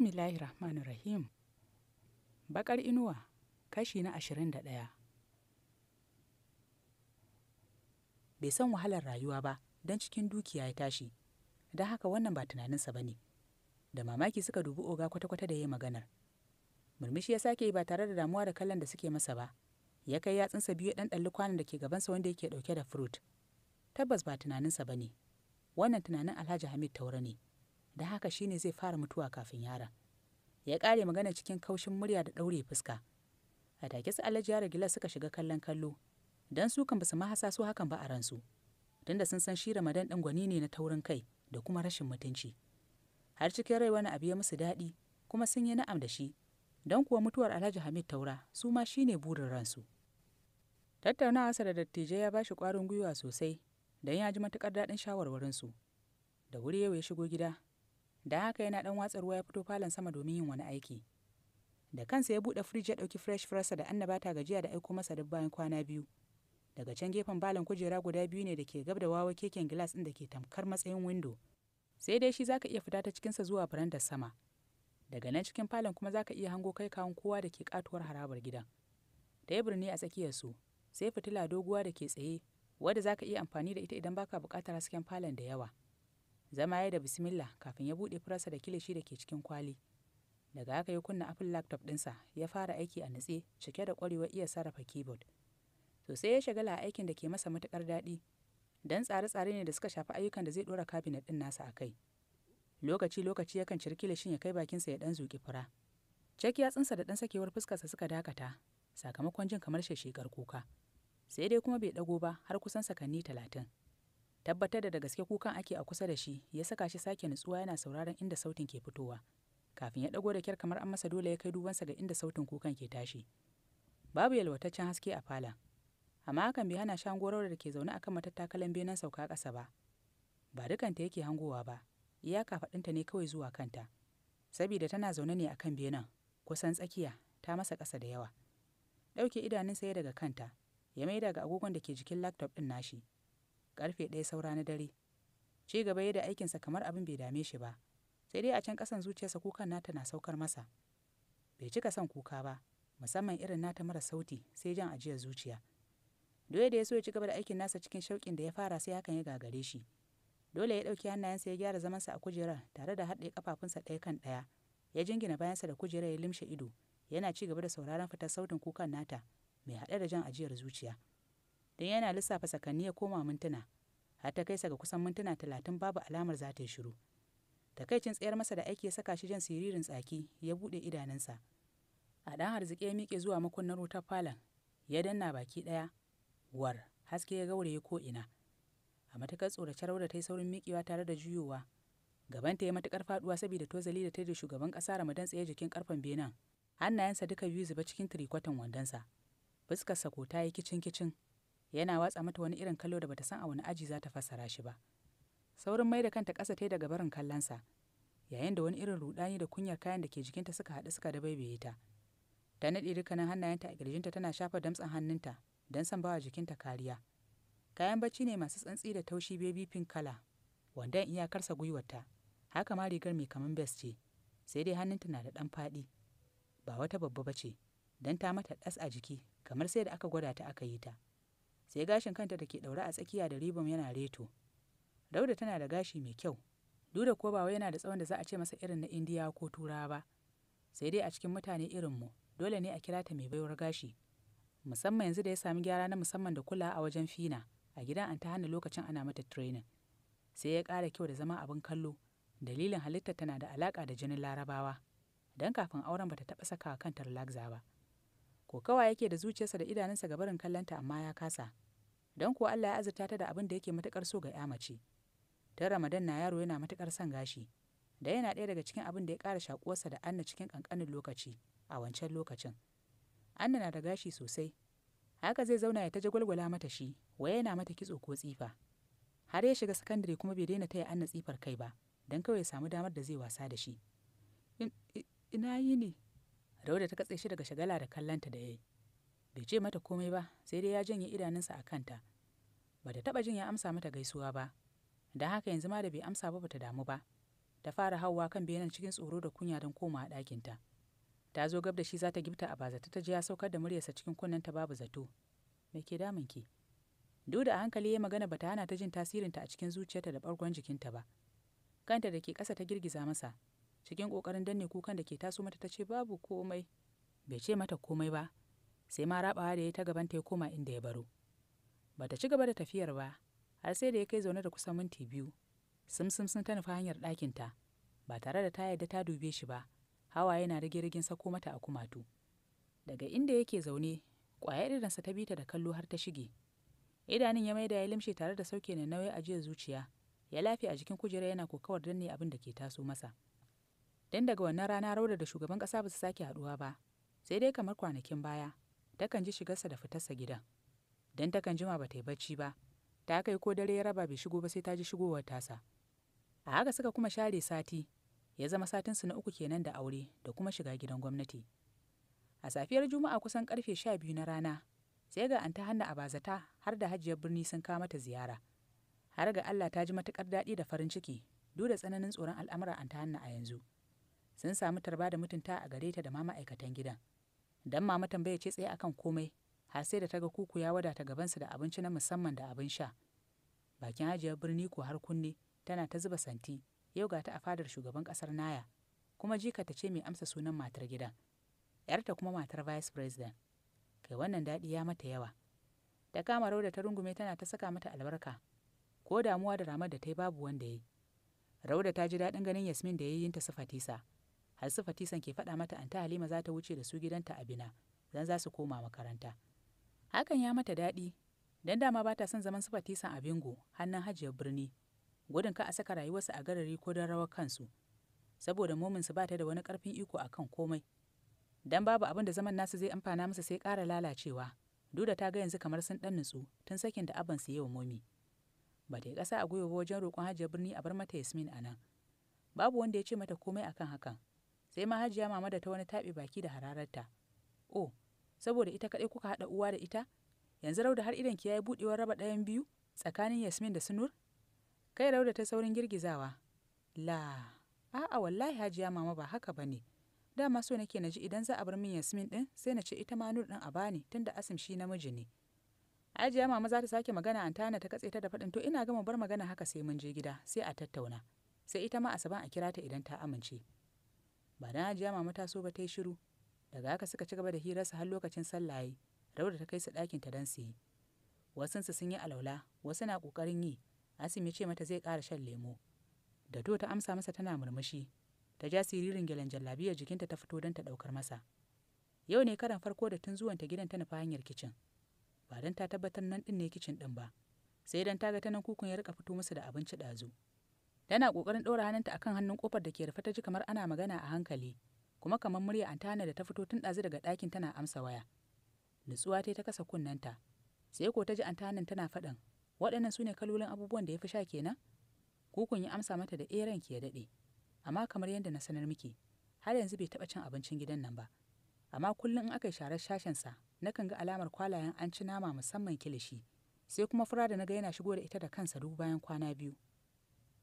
bismillahi rahmanir rahim bakar inuwa kashi na ashirin da ɗaya. bai san wahalar rayuwa ba don cikin dukiya ya tashi don haka wannan ba tunaninsa ba ne da mamaki suka dubi oga kwata-kwata da ya yi maganar murmushi ya sake yi ba tare da damuwa da kallon da suke masa ba ya kai yatsunsa biyu ɗan ɗalli kwanan da ke gabansa wanda yake ɗauke da fruit tabbas ba tunaninsa ba ne wannan tunanin alhaji hamid taura ne da haka shine zai fara mutuwa kafin yaron ya ƙare magana cikin kaushin murya da ɗaure fuska a take su alhaji yara gila suka shiga kallon kallo dan su kan basu mahasa su hakan ba a ransu tunda sun san shi ramadan ɗin gwani ne na taurin kai da kuma rashin mutunci har cikin rai wani abu ya musu daɗi kuma sun yi na'am da shi don kuwa mutuwar alhaji hamid taura su ma shine burin ransu Tattaunawa sa da dattijai ya ba shi ƙwarin gwiwa sosai don ya ji matuƙar daɗin shawarwarinsu da wuri yau ya shigo gida da haka yana dan watsa ruwa ya fito falon sama domin yin wani aiki da kansa ya buɗe firiji ya ɗauki fresh firarsa da annaba ta gajiya da aiko masa duk bayan kwana biyu daga can gefen balon kujera guda biyu ne da ke gab da wawa keken gilas ɗin da ke tamkar matsayin windo sai dai shi zaka iya fita ta cikin sa zuwa barandar sama daga nan cikin falon kuma zaka iya hango kai kawun kowa da ke katuwar harabar gidan tebur ne a tsakiyar su sai fitila doguwa da ke tsaye wadda zaka iya amfani da ita idan baka bukatar hasken falon da yawa zama ya da bismillah kafin ya buɗe furarsa da kilishi da ke cikin kwali daga haka ya kunna apple laptop ɗinsa ya fara aiki a nutse cike da ƙwarewa iya sarrafa keyboard sosai ya shagala a aikin da ke masa matuƙar daɗi Dan tsare-tsare ne da suka shafi ayyukan da zai ɗora kabinet ɗin nasa a kai lokaci-lokaci yakan ciri kilishin ya kai bakinsa ya ɗan zuƙi fura cek yatsunsa da ɗan sakewar fuskarsa suka dakata sakamakon jin kamar shekar kuka sai dai kuma bai ɗago ba har kusan sakanni talatin tabbatar da da gaske kukan ake a kusa da shi ya saka shi sake nutsuwa yana sauraron inda sautin ke fitowa kafin ya ɗago da kyar kamar an masa dole ya kai dubansa ga inda sautin kukan ke tashi babu yalwataccen haske a fala amma hakan bai hana shan gorar da ke zaune akan matattakalan benen sauka ƙasa ba ba dukanta yake hangowa ba iyaka faɗinta ne kawai zuwa kanta sabida tana zaune ne akan benen kusan tsakiya ta masa ƙasa da yawa ɗauke idanunsa ya daga kanta ya maida daga agogon da ke jikin laptop ɗin nashi karfe ɗaya saura na dare ci gaba ya da aikinsa kamar abin bai dame shi ba sai dai a can ƙasan zuciyarsa kukan nata na saukar masa bai cika son kuka ba musamman irin nata mara sauti sai jan ajiyar zuciya Dole da ya so ya ci gaba da aikin nasa cikin shauƙin da ya fara sai hakan ya gagare shi dole ya ɗauki hannayensa ya gyara zamansa a kujerar tare da haɗe kafafunsa ɗaya kan ɗaya ya jingina bayansa da kujerar ya limshe ido yana ci gaba da sauraron fitar sautin kukan nata mai haɗe da jan ajiyar zuciya don yana lissafa sakanni ya koma mintuna har ta kai sa ga kusan mintuna talatin babu alamar za ta yi shiru takaicin tsayar masa da aiki ya saka shi jan siririn tsaki ya buɗe idanunsa a ɗan harziki ya miƙe zuwa makunnar wutar falon ya danna baki ɗaya war haske ya gauraye ko ina a matakar tsoracar da ta yi saurin miƙewa tare da juyowa Gaban ta ya matuƙar faduwa saboda tozali da ta da shugaban ƙasa ramadan tsaye jikin karfen benin hannayensa duka biyu zuba cikin tirikwatan wandonsa fuskarsa ko ta yi kicin kicin yana watsa mata wani irin kallo da bata san a wani aji za ta fassara shi ba saurin mai da kanta ƙasa ta daga barin kallonsa yayin da wani irin rudani da kunyar kayan da ke jikinta suka haɗu suka da baibaye ta ta naɗe dukkanin hannayenta a ƙirjinta tana shafa damtsan hannunta don san bawa jikinta kariya kayan bacci ne masu tsantsi da taushi baby pink kala wandon iyakarsa gwiwarta haka ma rigar mai kaman best ce sai dai hannunta na da ɗan faɗi ba wata babba ba ce don ta mata ɗas a jiki kamar sai da aka gwada ta aka yi ta sai gashin kanta da ke ɗaure a tsakiya da ribom yana reto dauda tana da gashi mai kyau duk da ko ba wai yana da tsawon da za a ce masa irin na indiya ko turawa ba sai dai a cikin mutane irin mu dole ne a kira ta mai baiwar gashi musamman yanzu da ya sami gyara na musamman da kula a wajen fina a gidan an ta hana lokacin ana mata training sai ya ƙara kyau da zama abin kallo dalilin halittar tana da alaƙa da jinin larabawa don kafin auren bata taɓa sakawa kanta relaxa ba kokawa yake da zuciyarsa da idanunsa ga barin kallonta amma ya kasa don kuwa Allah ya azurta ta da abin da yake matukar so ga ya mace ta Ramadan na yaro yana matukar son gashi da yana ɗaya daga cikin abin da ya ƙara shakuwarsa da Anna cikin ƙanƙanin lokaci a wancan lokacin Anna na da gashi sosai haka zai zauna ya ta jagwalgwala mata shi waye yana mata kitso ko tsifa har ya shiga sakandare kuma bai daina taya Anna tsifar kai ba don kawai ya samu damar da zai wasa da shi ina yi ne Rauda ta katse shi daga shagala da kallanta da ya Bai ce mata komai ba, sai dai ya janye idanunsa a kanta. Ba ta taɓa jin ya amsa mata gaisuwa ba, don haka yanzu ma da bai amsa ba ta damu ba. Ta fara hauwa kan benen cikin tsoro da kunya don komawa ɗakinta. Ta zo gab da shi za ta gifta a bazata ta ji ya saukar da muryarsa cikin kunnenta babu zato. Me ke damun ki? Duk da a hankali ya magana bata hana ta jin tasirinta a cikin zuciyarta da bargon jikinta ba. Kanta da ke ƙasa ta girgiza masa, cikin ƙoƙarin danne kukan da ke taso mata ta ce babu komai bai ce mata komai ba sai ma rabawa da ya ta gaban ta ya koma inda ya baro bata ci gaba da tafiyar ba har sai da ya kai zaune da kusan minti biyu simsim sun ta nufa hanyar ta ba tare da ta yadda ta dube shi ba Hawa yana rage rigin sako mata a kumatu daga inda yake zaune ƙwayar idansa ta bi ta da kallo har ta shige idanun ya maida ya limshe tare da sauke na nauyi a jiya zuciya ya lafi a jikin kujera yana kokawar danne abin da ke taso masa don daga wannan rana rauda da shugaban ƙasa ba su sake haduwa ba sai dai kamar kwanakin baya takan ji shigarsa da fitarsa gidan don takan jima ba ta yi bacci ba ta kai ko dare ya raba bai shigo ba sai ta ji shigowar tasa a haka suka kuma share sati ya zama satin su na uku kenan da aure da kuma shiga gidan gwamnati a safiyar juma'a kusan karfe sha biyu na rana sai ga an ta hanna a bazata har da hajiyar birni sun kama ta ziyara har ga allah ta ji matukar daɗi da farin ciki duk da tsananin tsoron al'amura an ta hanna a yanzu sun samu tarba da mutunta a gare ta da ma ma'aikatan gidan dan mama tambaya ce tsaye akan komai har sai da ta ga kuku ya wadata gabansu da abinci na musamman da abin sha bakin hajiyar birni ko har kunne tana ta zuba santi yau ga ta a fadar shugaban kasar naya kuma jika ta ce mai amsa sunan matar gidan yarta kuma matar vice president kai wannan daɗi ya mata yawa da kama da ta rungume tana ta saka mata albarka ko damuwa da ramar da ta yi babu wanda ya yi rauda ta ji daɗin ganin yasmin da yayyinta su fatisa Hasifa Fatisan ke faɗa mata anta Halima za ta wuce da su gidanta a Bina, dan za su koma makaranta. Hakan ya mata daɗi, Don dama ba ta son zaman su Fatisan a Bingo, hannun hajiyar birni, gudun ka a saka rayuwarsu a garari ko don rawar kansu, saboda mominsu ba ta da wani ƙarfin iko a kan komai. Don babu abin da zaman nasu zai amfana musu sai ƙara lalacewa, Duda ta ga yanzu kamar sun ɗan nutsu tun sakin da abin su yi wa momi. Ba ta yi ƙasa a gwiwa wajen roƙon hajiyar birni a bar mata Yasmin a nan. Babu wanda ya ce mata komai akan hakan, sai ma hajiya mama da ta wani taɓe baki da hararta oh saboda ita kaɗai kuka haɗa uwa da ita yanzu rauda har idan ki yayi buɗewar raba ɗayan biyu tsakanin yasmin da sunur kai rauda ta saurin girgizawa la a'a wallahi hajiya mama ba haka ba bane dama so nake na ji idan za a bar min yasmin ɗin sai na ce ita ma nur ɗin a bani tunda asim shi namiji ne hajiya mama za ta sake magana Antana ta katse ta da faɗin to ina gama bar magana haka sai mun je gida sai a tattauna. Sai ita ma Asaban a kira ta idan ta amince. ba dan hajiya mama ta so ba ta yi shiru daga haka suka ci gaba da hirarsa har lokacin sallah yi rauda ta kai su ɗakin ta don su yi wasunsu sun yi alaula wasu na ƙoƙarin yi asim ya ce mata zai ƙara shan lemo da to ta amsa masa tana murmushi ta ja siririn gyalen jallabiyar jikinta ta fito don ta ɗaukar masa yau ne karan farko da tun zuwanta gidan ta nufa hanyar kicin ba don ta tabbatar nan ɗin ne kicin ɗin ba sai don ta ga ta nan kukun ya riƙa fito musu da abinci ɗazu Yana ƙoƙarin ɗora hannunta akan hannun ƙofar da ke rufe ta ji kamar ana magana a hankali kuma kamar murya antana da ta fito tun ɗazu daga ɗakin tana amsa waya nutsuwa ta ta kasa kunnenta, sai ko ta ji antanan tana faɗin waɗannan su ne kalolin abubuwan da ya fi sha kenan kun yi amsa mata da eran eh, ki ya daɗe amma kamar yadda na sanar miki har yanzu bai taɓa cin abincin gidan nan ba amma kullum in aka yi sharar shashensa nakan ga alamar kwalayen an ci nama musamman kilishi sai kuma fura da na ga yana shigo da ita da kansa duk bayan kwana biyu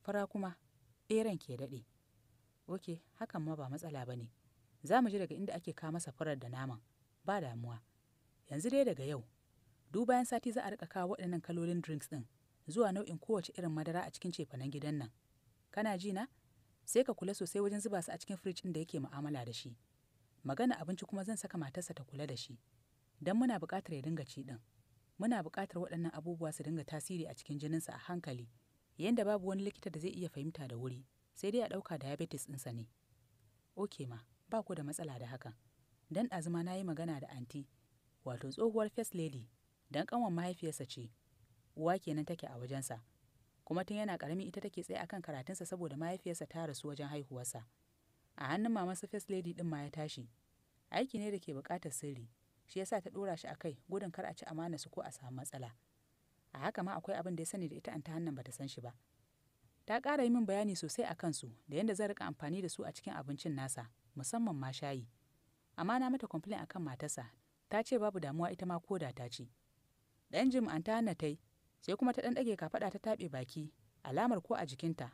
fara kuma ɓeran eh ke daɗe ok hakan ma ba matsala ba ne za mu ji daga inda ake kawo masa farar da naman ba damuwa yanzu dai daga yau duk bayan sati za a rika kawo waɗannan kalolin drinks ɗin zuwa nau'in kowace irin madara a cikin cefanen gidan nan kana ji na sai ka kula sosai wajen zuba su a cikin firij ɗin da yake mu'amala da shi magana abinci kuma zan saka matarsa ta kula da shi dan muna buƙatar ya dinga ci ɗin muna buƙatar waɗannan abubuwa su dinga tasiri a cikin jininsa a hankali yanda babu wani likita da zai iya fahimta da wuri sai dai a ɗauka diabetes ɗinsa ne oke ma ba ku da matsala da hakan dan ɗazuma na yi magana da anti wato tsohuwar first lady dan ƙanwar mahaifiyarsa ce uwa kenan take a wajensa kuma tun yana ƙarami ita take tsaye akan karatunsa saboda mahaifiyarsa ta rasu wajen haihuwarsa a hannun mamansa first lady ɗin ma ya tashi aiki ne da ke buƙatar sirri shi yasa ta ɗora shi a kai gudun kar a ci amana su ko a samu matsala a haka ma akwai abin da ya sani da ita an ta hannun bata san shi ba ta ƙara yi min bayani sosai a kansu da yadda zan rika amfani da su a cikin abincin nasa musamman ma shayi amma na mata complain akan matarsa ta ce babu damuwa ita ma ko da ta ci ɗan jim an ta yi tai sai kuma ta ɗan ɗage kafaɗa ta taɓe baki alamar ko a jikinta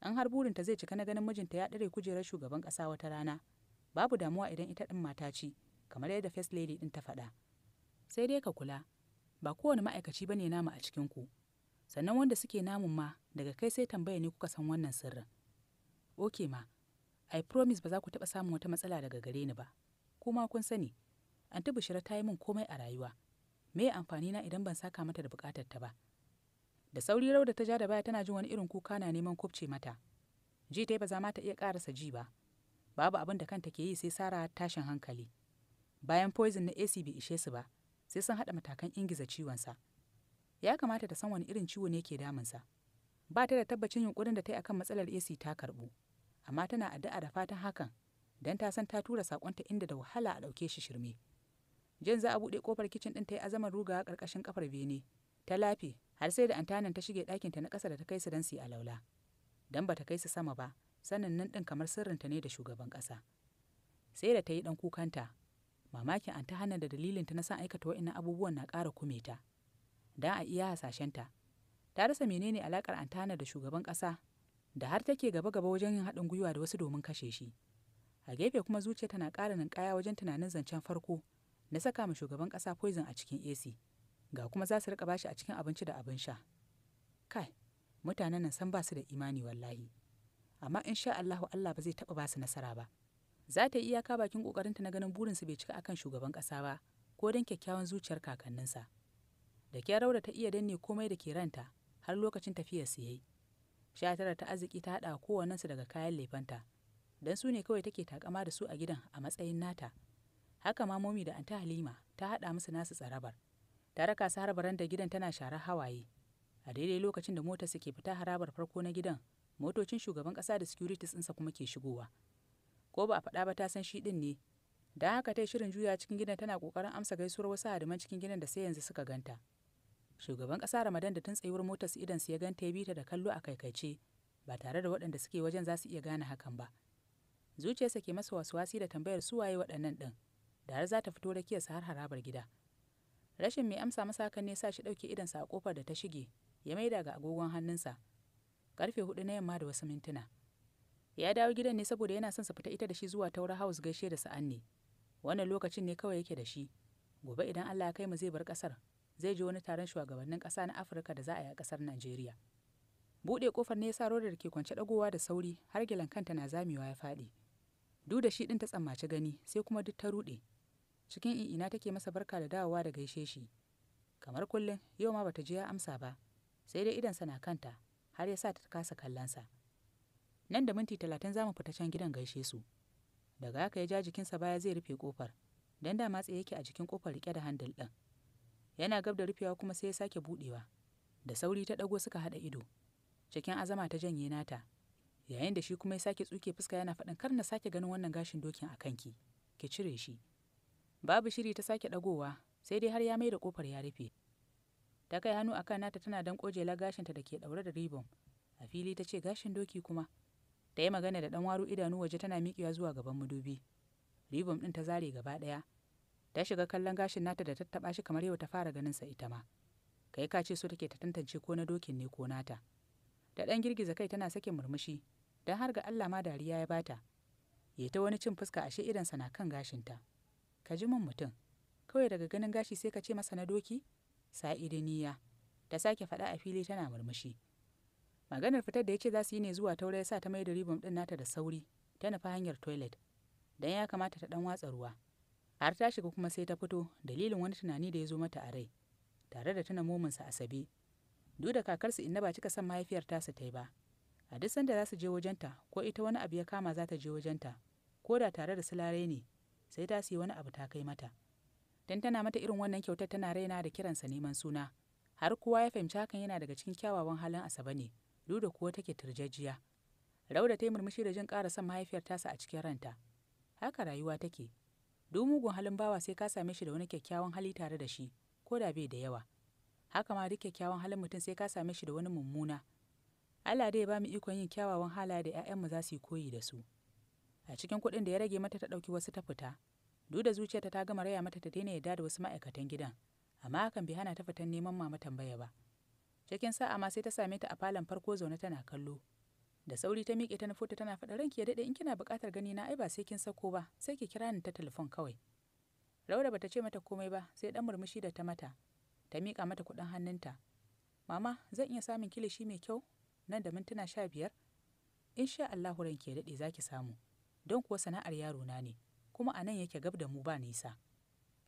an har burinta zai cika na ganin mijinta ya ɗare kujerar shugaban ƙasa wata rana babu damuwa idan ita ɗin mata ce kamar yadda first lady ɗin ta faɗa sai dai ka kula ba kowane ma'aikaci ba ne namu a cikinku. sannan wanda suke namun ma daga kai sai tambaya ne kuka san wannan sirrin ok ma i promise ba za ku taɓa samun wata matsala daga gare ni ba kuma kun sani an ta bishira ta yi min komai a rayuwa me amfani na idan ban saka mata da bukatar ta ba da sauri rauda ta ja da baya tana jin wani irin kuka na neman kubce mata ji ta ba za ma ta iya karasa ji ba babu abin da kanta ke yi sai sara tashin hankali bayan poison na ac bai ishe su ba sai sun haɗa matakan ingiza ciwonsa ya kamata ta san wani irin ciwo ne ke damunsa ba ta da tabbacin yunkurin da ta yi akan matsalar ac ta karɓu amma tana addu'a da fatan hakan don ta san ta tura sakonta inda da wahala a ɗauke shi shirme jin za a buɗe kofar kicin ɗin ta yi azamar ruga ƙarƙashin ƙafar bene ta lafe har sai da antanan ta shige ɗakinta na ƙasa da ta kai su don su yi alaula don ba ta kai su sama ba sannan nan ɗin kamar sirrinta ne da shugaban ƙasa sai da ta yi ɗan kukanta mamakin an ta hana da dalilin ta na san aikata wa'in abubuwan na ƙara kume ta da a iya hasashenta ta rasa menene ta antana da shugaban ƙasa da har take gaba gaba wajen yin haɗin gwiwa da wasu domin kashe shi a gefe kuma zuciya tana ƙara ninkaya wajen tunanin zancen farko na saka ma shugaban ƙasa poison a cikin AC ga kuma za su rika bashi a cikin abinci da abin sha kai mutanen nan san ba su da imani wallahi amma insha Allahu Allah ba zai taɓa ba su nasara ba za ta yi iyaka bakin ƙoƙarinta na ganin burinsu bai cika akan shugaban ƙasa ba ko don kyakkyawan zuciyar kakanninsa da ke da ta iya danne komai da ke ranta har lokacin tafiyar su yayi sha tara ta arziki ta haɗa kowannensu daga kayan lefanta don su ne kawai take takama da su a gidan a matsayin nata haka ma momi da anta halima ta haɗa musu nasu tsarabar ta raka su har da gidan tana sharar hawaye a daidai lokacin da motar su ke fita harabar farko na gidan motocin shugaban ƙasa da securities ɗinsa kuma ke shigowa. ko ba a faɗa ba ta san shi ɗin ne da haka ta shirin juya cikin gidan tana kokarin amsa gaisuwar wasu hadiman cikin gidan da sai yanzu suka ganta shugaban ƙasa ramadan da tun tsayuwar motar su idan su ya ganta ya bi ta da kallo a kaikaice ba tare da waɗanda suke wajen za su iya gane hakan ba zuciyarsa ke masa wasuwasi da tambayar su waye waɗannan ɗin da har za ta fito rakiyarsa har harabar gida rashin mai amsa masa hakan ne sa shi ɗauke sa a ƙofar da ta shige ya maida ga agogon hannunsa karfe hudu na yamma da wasu mintuna ya dawo gidan ne saboda yana son su fita ita da shi zuwa taura house gaishe da sa'an ne wannan lokacin ne kawai yake da shi gobe idan allah ya kai mu zai bar kasar zai je wani taron shugabannin ƙasa na afirka da za a yi a ƙasar najeriya buɗe ƙofar ne ya sa rodar ke kwance dagowa da sauri har gilan kanta na zamewa ya faɗi duk da shi ɗin ta tsammaci gani sai kuma duk ta ruɗe cikin ina take masa barka da dawowa da gaishe shi kamar kullum yau ma bata je ya amsa ba sai dai idansa na kanta har ya sa ta kasa kallonsa nan da minti talatin za mu fita can gidan gaishe su daga haka ya ja jikinsa baya zai rufe kofar don da matsa yake a jikin kofar rike da handil ɗin yana gab da rufewa kuma sai ya sake buɗewa da sauri ta ɗago suka haɗa ido cikin azama ta janye nata yayin da shi kuma ya sake tsuke fuska yana faɗin kar na sake ganin wannan gashin dokin a kanki ki cire shi babu shiri ta sake dagowa. sai dai har ya mai da kofar ya rufe ta kai hannu akan nata tana dan kojela gashinta da ke ɗaure da ribon a fili ta ce gashin doki kuma ta yi magana da ɗan waro idanu waje tana miƙewa zuwa gaban madubi ribom ɗin ta zare gaba ɗaya ta shiga kallon gashin nata da tattaɓa shi kamar yau ta fara ganin sa ita ma kai ka ce so take ta tantance ko na dokin ne ko nata da ɗan girgiza kai tana sake murmushi don har ga Allah ma dariya ya bata ya ta wani cin fuska ashe idansa na kan gashinta ka ji min mutum kawai daga ganin gashi sai ka ce masa na doki sa'idiniya ta sake faɗa a fili tana murmushi maganar fitar da ya ce za su yi ne zuwa taurari ya sa ta mai da ribon ɗin nata da sauri ta nufa hanyar toilet Dan ya kamata ta ɗan watsa ruwa har ta shiga kuma sai ta fito dalilin wani tunani da ya zo mata a rai tare da tuna sa asabe duk da kakarsu inna ba cika son mahaifiyar tasa ta yi ba a duk sanda za su je wajenta ko ita wani abu ya kama za ta je wajenta ko da tare da sulare ne sai ta yi wani abu ta kai mata don tana mata irin wannan kyautar tana raina da kiransa neman suna har kowa ya fahimci hakan yana daga cikin kyawawan halin asabe ne Duda kuwa take turjajiya. Rauda ta yi murmushi da jin ƙara son mahaifiyar tasa a cikin ranta. Haka rayuwa take. Duk mugun halin bawa sai ka same shi da wani kyakkyawan hali tare da shi, ko da bai da yawa. Haka ma duk kyakkyawan halin mutum sai ka same shi da wani mummuna. Allah dai ya ba mu ikon yin kyawawan halaye da 'ya'yanmu za su yi koyi da su. A cikin kuɗin da ya rage mata ta ɗauki wasu ta fita. Duk da zuciyarta ta gama raya mata ta daina yarda da wasu ma'aikatan gidan, amma hakan bai hana ta fitan neman mama tambaya ba. cikin sa'a ma sai ta same ta a falon farko zaune tana kallo da sauri ta miƙe ta nufuta tana faɗa ranki ya daɗe in kina buƙatar gani na ai ba sai kin sako ba sai ki kira ni ta telefon kawai Laura bata ce mata komai ba sai ɗan murmushi da ta mata ta miƙa mata kuɗin hannunta mama zan iya samun kilishi mai kyau nan da mintuna sha biyar sha Allahu ranki ya daɗe za ki samu don kuwa sana'ar yaro na ne kuma a nan yake gab da mu ba nisa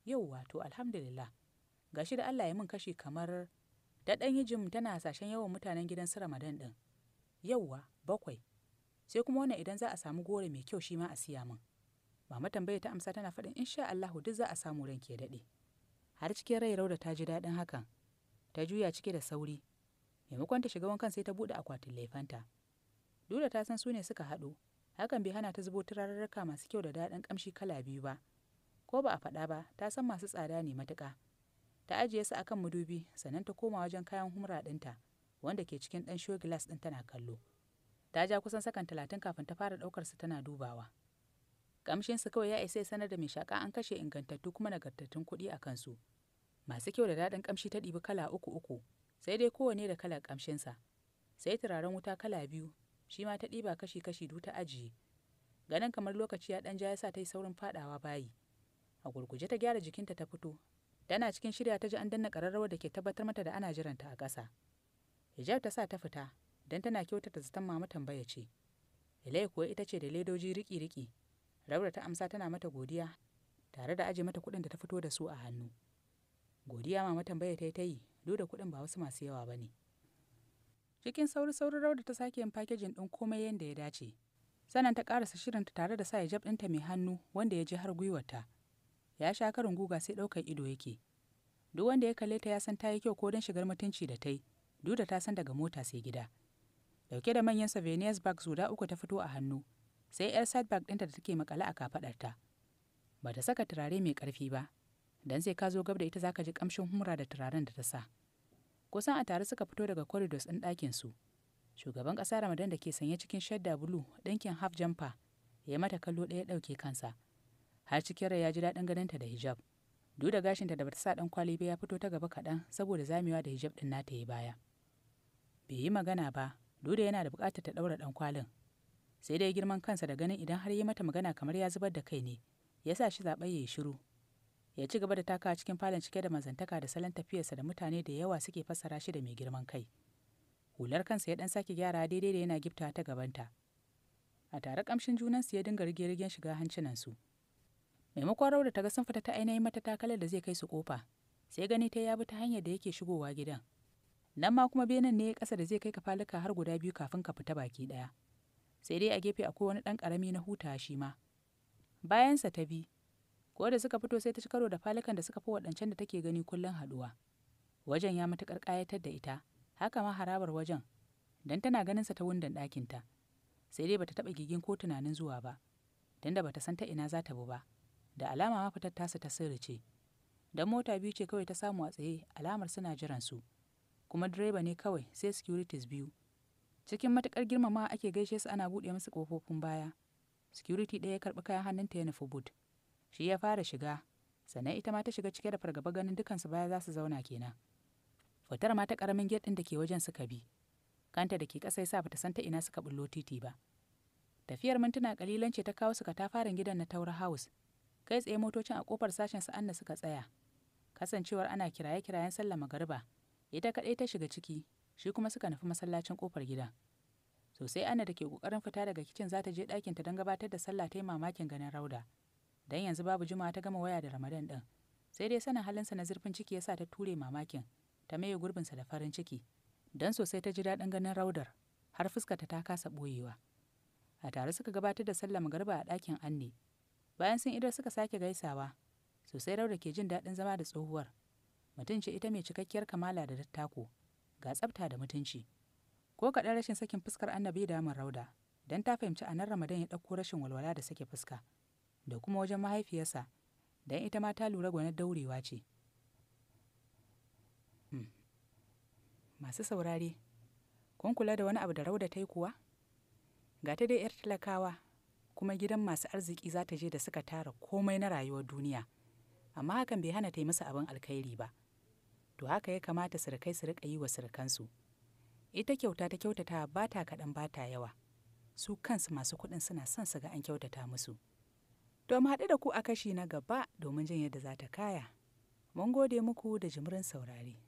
yau to alhamdulillah gashi da Allah ya mun kashi kamar ta ɗan yi tana hasashen yawan mutanen gidan su ramadan ɗin yauwa bakwai sai kuma wannan idan za a samu gore mai kyau shi ma a siya min mama tambaya ta amsa tana faɗin insha Allahu duk za a samu ran ke daɗe har cikin rai rauda ta ji daɗin hakan ta juya cike da sauri maimakon ta shiga wankan sai ta buɗe akwatin laifanta dole ta san su ne suka haɗu hakan bai hana ta zubo turarraka masu kyau da daɗin ƙamshi kala biyu ba ko ba a faɗa ba ta san masu tsada ne matuƙa ta ajiye su akan madubi sannan ta koma wajen kayan humra ɗinta wanda ke cikin ɗan show glass ɗin tana kallo ta ja kusan sakan talatin kafin ta fara ɗaukar su tana dubawa kamshin su kawai ya isa sanar da mai shaka an kashe ingantattu kuma nagartattun kuɗi a kansu masu kyau da daɗin kamshi ta ɗibi kala uku uku sai dai kowane da kalar kamshinsa sai turaren wuta kala biyu shi ma ta ɗiba kashi kashi du ta ajiye ganin kamar lokaci ya ɗan ja ya sa ta yi saurin faɗawa bayi a gurguje ta gyara jikinta ta fito Tana cikin shirya ta ji an danna ƙararrawar da ke tabbatar mata da ana jiranta a ƙasa. Hijab ta sa ta fita don tana kyautata zaton mama tambaya ce. Ilai kuwa ita ce da ledoji riki-riki. Raura ta amsa tana mata godiya tare da aje mata kuɗin da ta fito da su a hannu. Godiya mama tambaya ta yi ta yi duk da kuɗin ba wasu masu yawa ba ne. Cikin sauri sauri rauda ta sake yin fakejin ɗin komai yadda ya dace. Sannan ta ƙarasa shirinta tare da sa hijab ɗinta mai hannu wanda ya ji har gwiwarta. ta. ya sha karin guga sai ɗaukar ido yake duk wanda ya kalle ta ya san ta yi kyau ko don shigar mutunci da ta yi duk da ta san daga mota sai gida dauke da manyan savenius bags guda uku ta fito a hannu sai yar bag ɗinta da take makale a kafaɗarta ba ta saka turare mai ƙarfi ba dan sai ka zo gab da ita zaka ji kamshin humra da turaren da ta sa kusan a tare suka fito daga corridors ɗin ɗakin su shugaban ƙasa ramadan da ke sanye cikin shadda bulu ɗinkin half jumper ya mata kallo ɗaya ɗauke kansa har cikin rai ya ji daɗin ganinta da hijab duk da gashinta da bata sa ɗan kwali ba ya fito ta gaba kaɗan saboda zamewa da hijab ɗin nata yi baya bai yi magana ba duk da yana da buƙatar ta ɗaura ɗan kwalin sai dai girman kansa da ganin idan har yi mata magana kamar ya zubar da kai ne ya sa shi zaɓe ya yi shiru ya ci gaba da takawa cikin falon cike da mazantaka da salon tafiyarsa da mutane da yawa suke fassara shi da mai girman kai hular kansa ya ɗan sake gyara daidai da yana gifta ta gabanta a tare kamshin junansu ya dinga rige-rigen shiga hancinansu maimakon rauda ta ga sun fita ta ainihin takalar da zai kai su kofa sai gani ta ya bi ta hanyar da yake shigowa gidan nan ma kuma benen ne ya kasa da zai kai ka faluka har guda biyu kafin ka fita baki ɗaya sai dai a gefe akwai wani dan karami na hutawa shi ma bayan sa ta bi ko da suka fito sai ta ci karo da falikan da suka fi waɗancan da take gani kullum haduwa wajen ya matuƙar ƙayatar da ita haka ma harabar wajen dan tana ganin sa ta wundan ta sai dai bata taɓa gigin ko tunanin zuwa ba tunda bata san ta ina za ta bi ba da alama mafitar tasa ta sirri ce don mota biyu ce kawai ta samu a tsaye alamar suna jiran su kuma direba ne kawai sai securities biyu cikin matukar girmama ake gaishe su ana bude musu kofofin baya security ɗaya ya karɓi kayan hannunta ya nufi boot shi ya fara shiga sannan ita ma ta shiga cike da fargaba ganin dukansu baya za su zauna kenan fitar ma ta ƙaramin gate din da ke wajen suka bi kanta da ke ƙasa yasa bata san ta ina suka bullo titi ba tafiyar mintuna kalilan ce ta kawo su katafaren gidan na taura house kai tsaye motocin a kofar sashen su anna suka tsaya kasancewar ana kiraye kirayen sallah magariba ita kadai ta shiga ciki shi kuma suka nufi masallacin kofar gidan sosai anna da ke kokarin fita daga kicin za ta je ɗakin ta don gabatar da sallah ta yi mamakin ganin rauda dan yanzu babu juma'a ta gama waya da ramadan ɗin sai dai sanin halinsa na zurfin ciki ya sa ta ture mamakin ta maye gurbinsa da farin ciki dan sosai ta ji daɗin ganin raudar har fuskarta ta kasa ɓoyewa a tare suka gabatar da sallah magarba a ɗakin anne bayan sun idar suka sake gaisawa sosai rauda ke jin daɗin zama da tsohuwar mutum ce ita mai cikakkiyar kamala da dattako ga tsafta da mutunci ko kaɗan rashin sakin fuskar annabi damun rauda don ta fahimci a nan ramadan ya ɗauko rashin walwala da sake fuska da kuma wajen mahaifiyarsa don ita ma ta lura gwanar daurewa ce hmm. masu saurare kun kula da wani abu da rauda ta yi kuwa ga ta dai 'yar talakawa kuma gidan masu arziki za ta je da suka tara komai na rayuwar duniya amma hakan bai hana ta yi musu abin alkhairi ba to haka ya kamata sirikai su rika yi wa sirkansu ita kyauta ta kyautata ba ta kaɗan ba ta yawa su kansu masu kuɗin suna son su ga an kyautata musu to mu haɗu da ku a kashi na gaba domin jin yadda za ta kaya mun gode muku da jimirin saurare